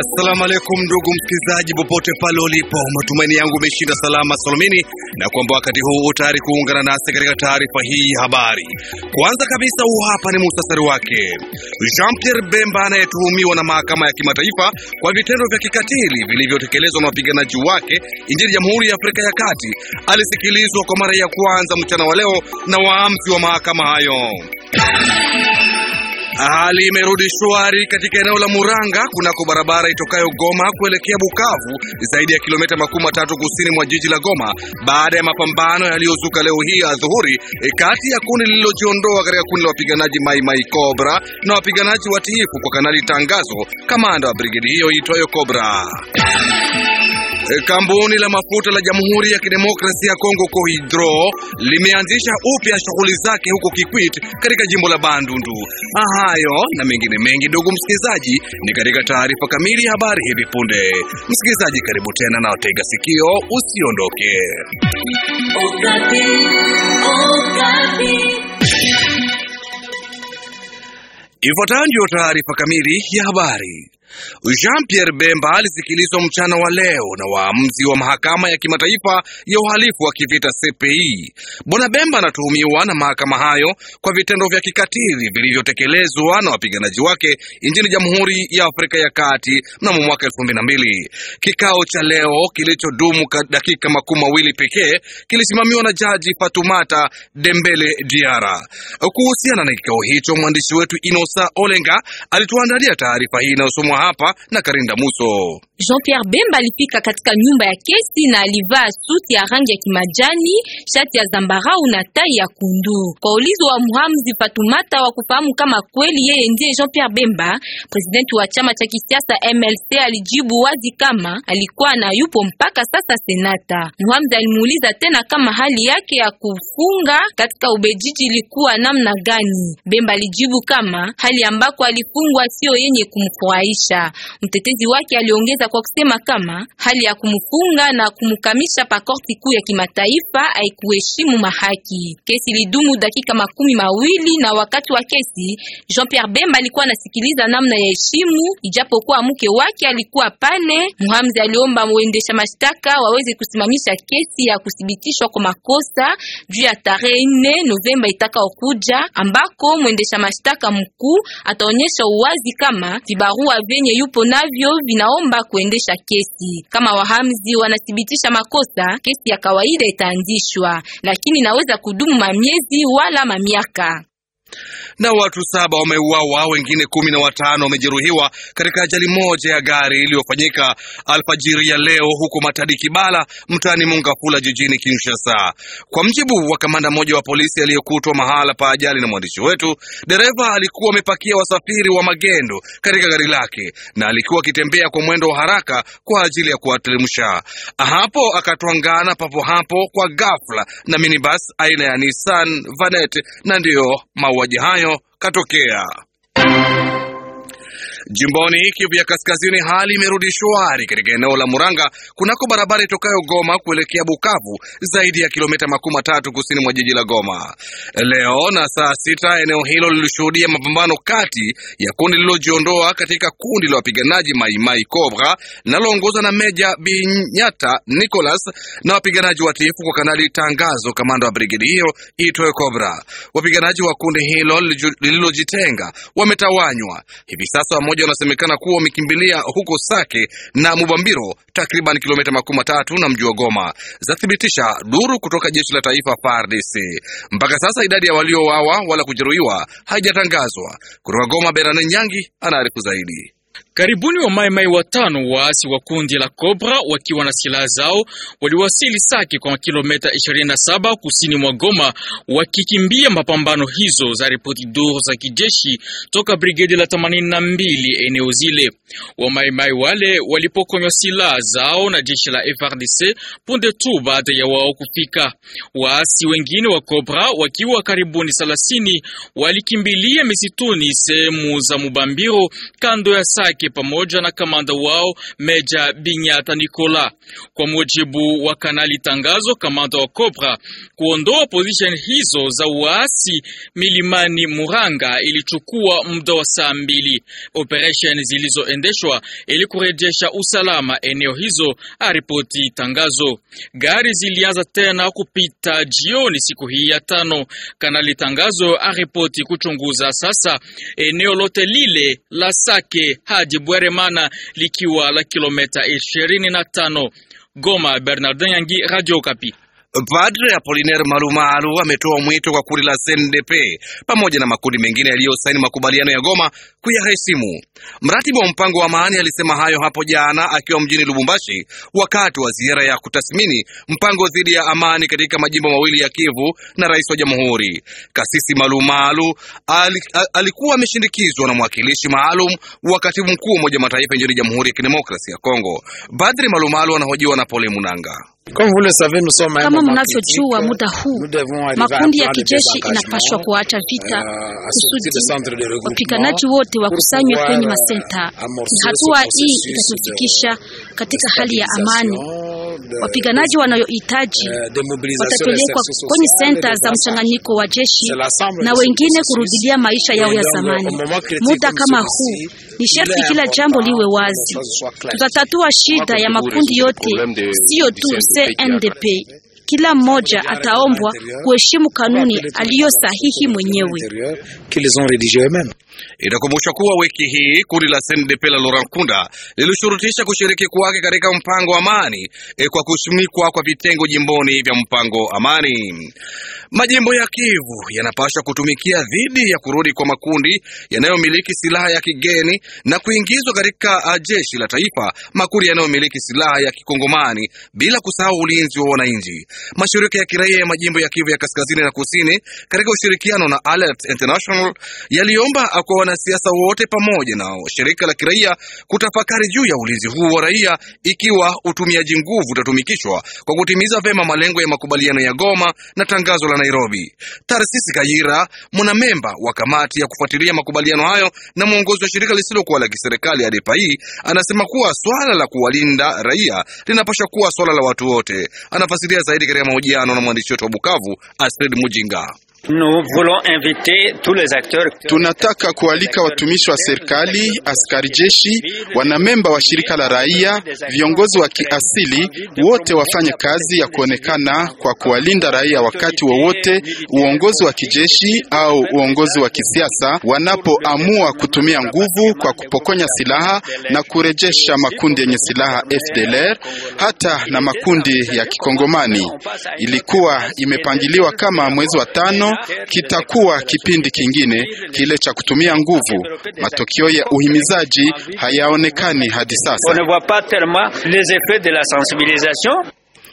Assalamu alaikum ndugu msikilizaji, popote pale ulipo, matumaini yangu umeshinda salama salamini na kwamba wakati huu utayari kuungana nasi katika taarifa hii habari. Kwanza kabisa, huu hapa ni muhtasari wake. Jean Pierre Bemba anayetuhumiwa na mahakama ya kimataifa kwa vitendo vya kikatili vilivyotekelezwa na wapiganaji wake nchini Jamhuri ya Afrika ya Kati alisikilizwa kwa mara ya kwanza mchana wa leo na waamuzi wa mahakama hayo Hali imerudi shwari katika eneo la Muranga kunako barabara itokayo Goma kuelekea Bukavu, zaidi ya kilomita makumi matatu kusini mwa jiji la Goma, baada ya mapambano yaliyozuka leo hii adhuhuri e, kati ya kundi lililojiondoa katika kundi la wapiganaji Mai Mai Cobra na wapiganaji watiifu kwa Kanali Tangazo, kamanda wa brigedi hiyo iitwayo Cobra. Eh, Kampuni la mafuta la Jamhuri ya Kidemokrasia ya Kongo Kohidro limeanzisha upya shughuli zake huko Kikwit katika jimbo la Bandundu. Hayo na mengine mengi, ndugu msikilizaji, ni katika taarifa kamili ya habari hivi punde. Msikilizaji, karibu tena na otega sikio, usiondoke. Ifuatayo ndio taarifa kamili ya habari. Jean Pierre Bemba alisikilizwa mchana wa leo na waamuzi wa mahakama ya kimataifa ya uhalifu wa kivita CPI. E. Bwana Bemba anatuhumiwa na mahakama hayo kwa vitendo vya kikatili vilivyotekelezwa na wapiganaji wake nchini Jamhuri ya Afrika ya Kati mnamo mwaka elfu mbili na mbili. Kikao cha leo kilichodumu dakika makumi mawili pekee kilisimamiwa na Jaji Fatumata Dembele Diara. Kuhusiana na kikao hicho, mwandishi wetu Inosa Olenga alituandalia taarifa hii inayosomwa hapa na Karinda Muso. Jean-Pierre Bemba alifika katika nyumba ya kesi na alivaa suti ya rangi ya kimajani, shati ya zambarau na tai ya kundu. Kwa ulizo wa Muhamzi Patumata wa kufahamu kama kweli yeye ndiye Jean-Pierre Bemba, presidenti wa chama cha kisiasa MLC, alijibu wazi kama alikuwa na yupo mpaka sasa senata. Muhamzi alimuuliza tena kama hali yake ya kufunga katika ubejiji ilikuwa namna gani. Bemba alijibu kama hali ambako alifungwa sio yenye kumfurahisha maisha. Mtetezi wake aliongeza kwa kusema kama hali ya kumfunga na kumkamisha pa korti kuu ya kimataifa haikuheshimu mahaki. Kesi ilidumu dakika makumi mawili na wakati wa kesi Jean-Pierre Bemba alikuwa anasikiliza namna ya heshimu, ijapokuwa mke wake alikuwa pale. Muhamzi aliomba mwendesha mashtaka waweze kusimamisha kesi ya kuthibitishwa kwa makosa juu ya tarehe 4 Novemba itakaokuja, ambako mwendesha mashtaka mkuu ataonyesha uwazi kama vibarua vyenye yupo navyo vinaomba kuendesha kesi. Kama wahamzi wanathibitisha makosa, kesi ya kawaida itaanzishwa, lakini inaweza kudumu mamiezi wala mamiaka na watu saba wameuawa, wengine kumi na watano wamejeruhiwa katika ajali moja ya gari iliyofanyika alfajiri ya leo huko Matadi Kibala, mtaani Mungafula, jijini Kinshasa. Kwa mjibu wa kamanda mmoja wa polisi aliyekutwa mahala pa ajali na mwandishi wetu, dereva alikuwa amepakia wasafiri wa magendo katika gari lake na alikuwa akitembea kwa mwendo wa haraka kwa ajili ya kuwateremsha. Hapo akatwangana papo hapo kwa ghafla na minibus aina ya Nissan Vanette na ndiyo mawa mauaji hayo katokea. Jimboni Kivu ya Kaskazini, hali imerudi shwari katika eneo la Muranga kunako barabara itokayo Goma kuelekea Bukavu, zaidi ya kilomita makumi matatu kusini mwa jiji la Goma. Leo na saa sita eneo hilo lilishuhudia mapambano kati ya kundi lililojiondoa katika kundi la wapiganaji Maimai Cobra linaloongozwa na Meja Binyata Nicolas na wapiganaji watiifu kwa Kanali Tangazo, kamanda wa brigedi hiyo iitwayo Cobra. Wapiganaji wa kundi hilo lililojitenga wametawanywa hivi sasa moja wanasemekana kuwa wamekimbilia huko Sake na Mubambiro, takriban kilomita makumi matatu na mji wa Goma, zathibitisha duru kutoka jeshi la taifa FARDC. Mpaka sasa idadi ya waliowawa wala kujeruhiwa haijatangazwa. Kutoka Goma, Berane Nyangi anaarifu zaidi. Karibuni wa maimai watano waasi wa kundi la Cobra wakiwa na silaha zao waliwasili Sake kwa kilomita 27 kusini mwa Goma, wakikimbia mapambano hizo, za ripoti duru za kijeshi toka brigedi la 82 eneo zile. Wamaimai wale walipokonywa silaha zao na jeshi la FRDC punde tu baada ya wao kufika. Waasi wengine wa Cobra wakiwa karibuni 30 walikimbilia misituni sehemu za Mubambiro kando ya Sake wake pamoja na kamanda wao Meja Binyata Nikola. Kwa mujibu wa Kanali Tangazo, kamanda wa Cobra, kuondoa position hizo za uasi milimani Muranga ilichukua muda wa saa mbili. Operation zilizoendeshwa ili kurejesha usalama eneo hizo, aripoti Tangazo. Gari zilianza tena kupita jioni siku hii ya tano. Kanali Tangazo aripoti kuchunguza sasa eneo lote lile la Sake hadi Bweremana likiwa la na 25. Goma, Bernardin Yangi, Radio Kapi. Padre Apolinaire Malumalu ametoa mwito kwa kundi la CNDP pamoja na makundi mengine yaliyosaini makubaliano ya Goma kuyaheshimu. Mratibu wa mpango wa amani alisema hayo hapo jana akiwa mjini Lubumbashi wakati wa ziara ya kutathmini mpango dhidi ya amani katika majimbo mawili ya Kivu na rais wa jamhuri. Kasisi Malumalu alikuwa ameshindikizwa na mwakilishi maalum wa katibu mkuu wa Umoja Mataifa nchini Jamhuri ya Kidemokrasia ya Kongo. Padre Malumalu anahojiwa na Pole Munanga. Kama mnavyojua, muda huu makundi ya kijeshi inapashwa kuacha vita euh, kusudi wapiganaji wote wakusanywe kwenye euh, masenta. Hatua hii itatufikisha katika hali ya amani. Wapiganaji wanayohitaji watapelekwa kwenye senta za mchanganyiko wa jeshi na wengine kurudilia maisha yao ya zamani. Muda kama huu ni sharti kila jambo liwe wazi. Tutatatua shida ya makundi yote, siyo tu CNDP kila mmoja ataombwa kuheshimu kanuni aliyosahihi mwenyewe. itakumbushwa kuwa wiki hii kundi la CNDP la Laurent kunda lilishurutisha kushiriki kwake katika mpango amani eh, kwa kusimikwa kwa vitengo jimboni vya mpango amani. Majimbo ya Kivu yanapaswa kutumikia dhidi ya kurudi kwa makundi yanayomiliki silaha ya kigeni na kuingizwa katika ah, jeshi la taifa makundi yanayomiliki silaha ya kikongomani bila kusahau ulinzi wa wananchi. Mashirika ya kiraia ya majimbo ya Kivu ya kaskazini na kusini katika ushirikiano na Alert International yaliomba ah, kwa wanasiasa wote pamoja na shirika la kiraia kutafakari juu ya ulinzi huu wa raia, ikiwa utumiaji nguvu utatumikishwa kwa kutimiza vema malengo ya makubaliano ya Goma na tangazo la Nairobi. Tarsisi Kayira, memba wa kamati ya kufuatilia makubaliano hayo na mwongozi wa shirika lisilokuwa la kiserikali Adepai, anasema kuwa swala la kuwalinda raia linapasha kuwa swala la watu wote. Anafasiria zaidi katika mahojiano na mwandishi wetu wa Bukavu, Astrid Mujinga. Tunataka kualika watumishi wa serikali, askari jeshi, wanamemba wa shirika la raia, viongozi wa kiasili, wote wafanye kazi ya kuonekana kwa kuwalinda raia wakati wowote uongozi wa kijeshi au uongozi wa kisiasa wanapoamua kutumia nguvu kwa kupokonya silaha na kurejesha makundi yenye silaha FDLR, hata na makundi ya Kikongomani. Ilikuwa imepangiliwa kama mwezi wa tano kitakuwa kipindi kingine kile cha kutumia nguvu. Matokeo ya uhimizaji hayaonekani hadi sasa.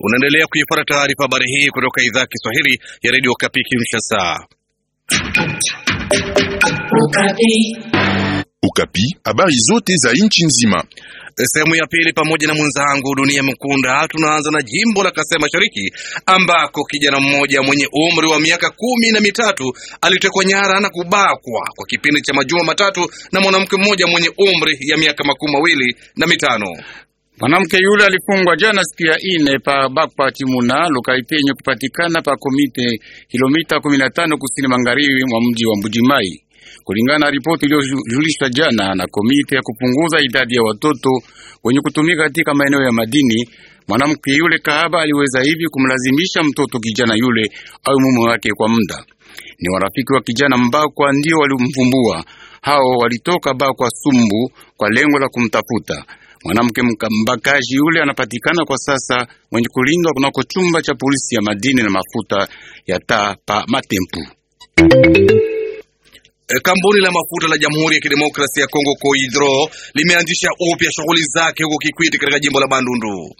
Unaendelea kuifuata taarifa habari hii kutoka idhaa ya Kiswahili ya redio Kapi Kinshasa. Ukapi, habari zote za nchi nzima Sehemu ya pili pamoja na mwenzangu Dunia Mkunda. Tunaanza na jimbo la Kasai Mashariki ambako kijana mmoja mwenye umri wa miaka kumi na mitatu alitekwa nyara na kubakwa kwa kipindi cha majuma matatu na mwanamke mmoja mwenye umri ya miaka makumi mawili na mitano. Mwanamke yule alifungwa jana siku ya ine pa bakwa Chimuna lokaipenye kupatikana pa komite kilomita 15 kusini magharibi mwa mji wa Mbujimai kulingana na ripoti iliyojulishwa jana na komite ya kupunguza idadi ya watoto wenye kutumika katika maeneo ya madini. Mwanamke yule kahaba aliweza hivi kumlazimisha mtoto kijana yule au mume wake kwa muda. Ni warafiki wa kijana Mbakwa ndio walimvumbua. Hao walitoka Bakwa Sumbu kwa lengo la kumtafuta mwanamke. Mbakaji yule anapatikana kwa sasa mwenye kulindwa kunako chumba cha polisi ya madini na mafuta ya taa pa Matempu. Eh, kampuni la mafuta la Jamhuri ya Kidemokrasia ya Kongo Koidro limeanzisha upya shughuli zake huko Kikwiti katika jimbo la Bandundu.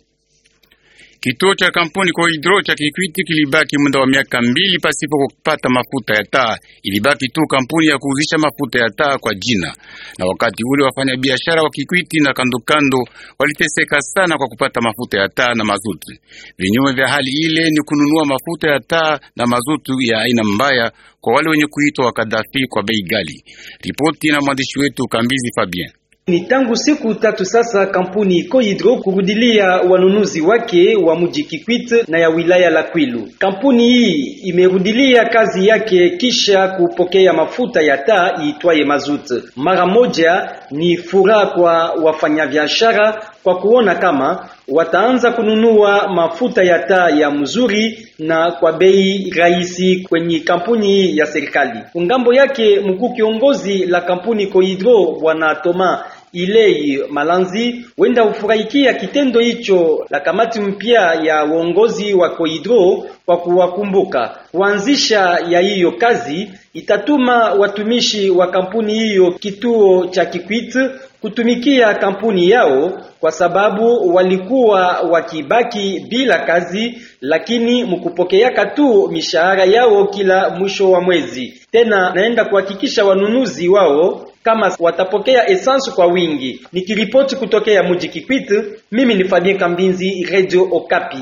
Kituo cha kampuni hidro cha Kikwiti kilibaki muda wa miaka mbili pasipo kupata mafuta ya taa. Ilibaki tu kampuni ya kuuzisha mafuta ya taa kwa jina, na wakati ule wafanyabiashara wa Kikwiti na kandokando waliteseka sana kwa kupata mafuta ya taa na mazuti. Vinyume vya hali ile ni kununua mafuta ya taa na mazuti ya aina mbaya kwa wale wenye kuitwa wakadafi kwa bei ghali. Ripoti na mwandishi wetu Kambizi Fabien. Ni tangu siku tatu sasa kampuni Cohydro kurudilia wanunuzi wake wa mji Kikwit na ya wilaya la Kwilu. Kampuni hii imerudilia kazi yake kisha kupokea mafuta ya taa iitwaye mazuti. Mara moja ni furaha kwa wafanyabiashara kwa kuona kama wataanza kununua mafuta ya taa ya mzuri na kwa bei rahisi kwenye kampuni ya serikali. Ngambo yake mkuu kiongozi la kampuni Cohydro Bwana Thomas ilei Malanzi wenda ufurahikia kitendo hicho la kamati mpya ya uongozi wa Koidro kwa kuwakumbuka. Kuanzisha ya hiyo kazi itatuma watumishi wa kampuni hiyo kituo cha Kikwit kutumikia kampuni yao kwa sababu walikuwa wakibaki bila kazi, lakini mkupokeaka tu mishahara yao kila mwisho wa mwezi. Tena naenda kuhakikisha wanunuzi wao kama watapokea essence kwa wingi. Nikiripoti kutokea muji Kikwit, mimi ni Fabien Kambinzi, Radio Okapi.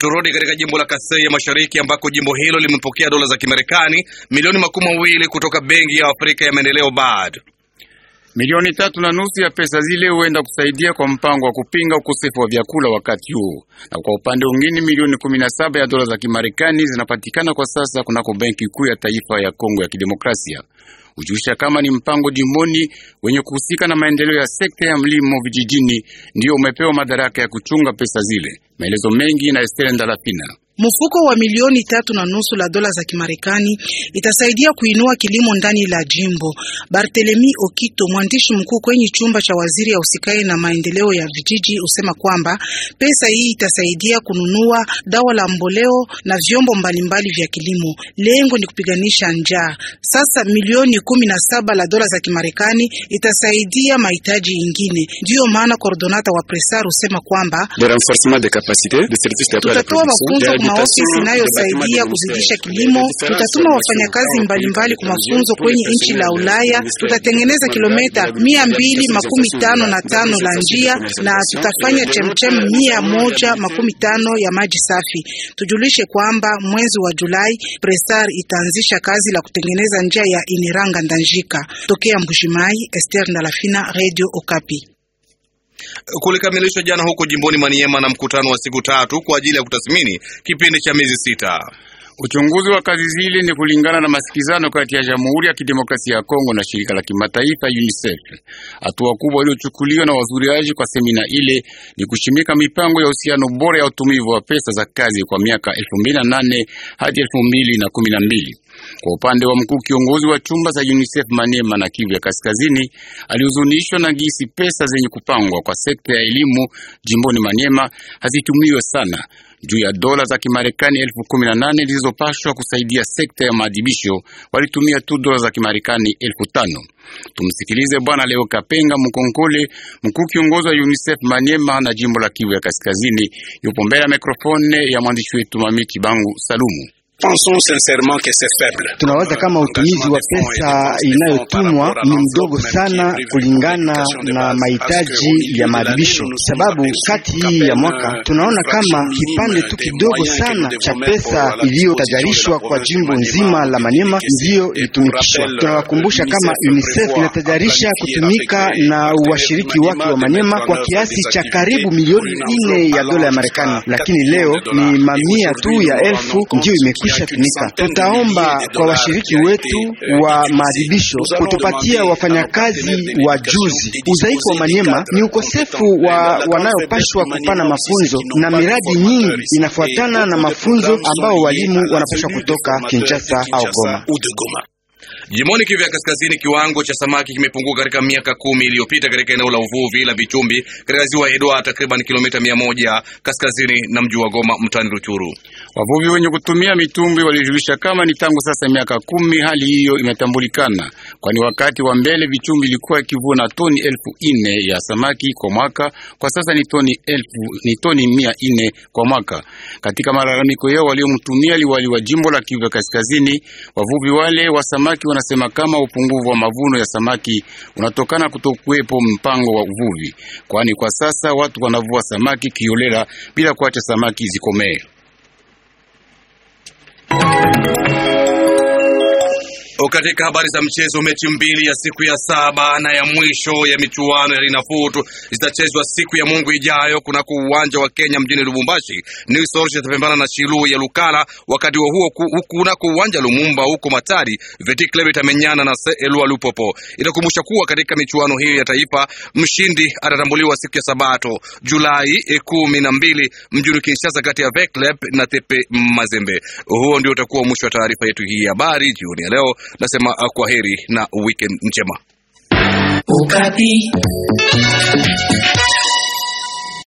Turudi katika jimbo la Kasai ya Mashariki ambako jimbo hilo limepokea dola za Kimarekani milioni makumi mawili kutoka benki ya Afrika ya maendeleo BAD. Milioni tatu na nusu ya pesa zile huenda kusaidia kwa mpango wa kupinga ukosefu wa vyakula wakati huu, na kwa upande mwingine milioni kumi na saba ya dola za Kimarekani zinapatikana kwa sasa kunako benki kuu ya taifa ya Kongo ya Kidemokrasia. Ujusha kama ni mpango jimboni wenye kuhusika na maendeleo ya sekta ya mlimo vijijini, ndiyo umepewa madaraka ya kuchunga pesa zile. Maelezo mengi na Esther ndalafina Mfuko wa milioni tatu na nusu la dola za Kimarekani itasaidia kuinua kilimo ndani la jimbo. Barthelemy Okito, mwandishi mkuu kwenye chumba cha waziri ya usikae na maendeleo ya vijiji, usema kwamba pesa hii itasaidia kununua dawa la mboleo na vyombo mbalimbali vya kilimo. Lengo ni kupiganisha njaa. Sasa milioni kumi na saba la dola za Kimarekani itasaidia mahitaji ingine. Ndiyo maana kordonata wa Presar usema kwamba tutatoa mafunzo maofisi inayosaidia kuzidisha kilimo. Tutatuma wafanyakazi mbalimbali kwa mafunzo kwenye nchi la Ulaya. Tutatengeneza kilometa mia mbili makumi tano na tano la njia na tutafanya chemchem mia moja makumi tano ya maji safi. Tujulishe kwamba mwezi wa Julai Presar itaanzisha kazi la kutengeneza njia ya Iniranga Ndanjika tokea Mbushimai. Esther Ndalafina, Radio Okapi kulikamilishwa jana huko jimboni Maniema na mkutano wa siku tatu kwa ajili ya kutathmini kipindi cha miezi sita. Uchunguzi wa kazi zile ni kulingana na masikizano kati ya Jamhuri ya Kidemokrasia ya Kongo na shirika la kimataifa UNICEF. Hatua kubwa iliyochukuliwa na wazuriaji kwa semina ile ni kushimika mipango ya uhusiano bora ya utumivu wa pesa za kazi kwa miaka 2008 hadi 2012. Kwa upande wa mkuu kiongozi wa chumba za UNICEF Manema na Kivu ya Kaskazini alihuzunishwa na gisi pesa zenye kupangwa kwa sekta ya elimu jimboni Manema hazitumiwe sana juu ya dola za Kimarekani elfu kumi na nane zilizopashwa kusaidia sekta ya maadhibisho, walitumia tu dola za Kimarekani elfu tano. Tumsikilize Bwana Leo Kapenga Mkonkole, mkuu kiongozi wa UNICEF Manyema na jimbo la Kivu ya Kaskazini. Yupo mbele ya mikrofone ya mwandishi wetu mamichi bangu Salumu tunawaza kama utumizi wa pesa inayotumwa ni mdogo sana kulingana na mahitaji ya maadhibisho, sababu kati hii ya mwaka euh, tunaona kama kipande tu kidogo sana cha pesa iliyotajarishwa kwa jimbo nzima la Manyema ndiyo ilitumikishwa. Tunawakumbusha kama UNICEF inatajarisha kutumika na washiriki wake wa Manyema kwa kiasi cha karibu milioni nne ya dola ya Marekani, lakini leo ni mamia tu ya elfu ndiyo imekwisha imeshatumika. Tutaomba kwa washiriki wetu eh, wa maadhibisho kutupatia wafanyakazi wa juzi. Udhaifu wa Manyema ni ukosefu wa wanayopashwa kupana mafunzo, na miradi nyingi inafuatana eh, na mafunzo ambao walimu wanapashwa kutoka Kinshasa au Goma. Jimoni Kivu ya Kaskazini, kiwango cha samaki kimepungua katika miaka kumi iliyopita katika eneo la uvuvi la Vichumbi katika ziwa Edward, takriban kilomita mia moja kaskazini na mji wa Goma mtani Ruchuru. Wavuvi wenye kutumia mitumbwi walijulisha kama ni tangu sasa miaka kumi hali hiyo imetambulikana, kwani wakati wa mbele Vichumbi ilikuwa ikivuna toni elfu ine ya samaki kwa mwaka, kwa sasa ni toni elfu ni toni mia ine kwa mwaka. Katika malalamiko yao waliomtumia liwali wa jimbo la Kivu ya Kaskazini, wavuvi wale wa samaki wana anasema kama upungufu wa mavuno ya samaki unatokana kutokuwepo mpango wa uvuvi, kwani kwa sasa watu wanavua samaki kiolela bila kuacha samaki zikomee. Katika habari za mchezo, mechi mbili ya siku ya saba na ya mwisho ya michuano ya linafutu zitachezwa siku ya Mungu ijayo kunako uwanja wa Kenya mjini Lubumbashi. New Orchid itapambana na Shilu ya Lukala, wakati wa huo kunako uwanja Lumumba huko Matari, Veti Club itamenyana na Elua Lupopo. Itakumbusha kuwa katika michuano hiyo ya taifa mshindi atatambuliwa siku ya Sabato Julai kumi na mbili mjini Kinshasa, kati ya Veti Club na Tepe Mazembe. Huo ndio utakuwa mwisho wa taarifa yetu hii habari jioni ya leo. Nasema ah, kwa heri na weekend njema. ukati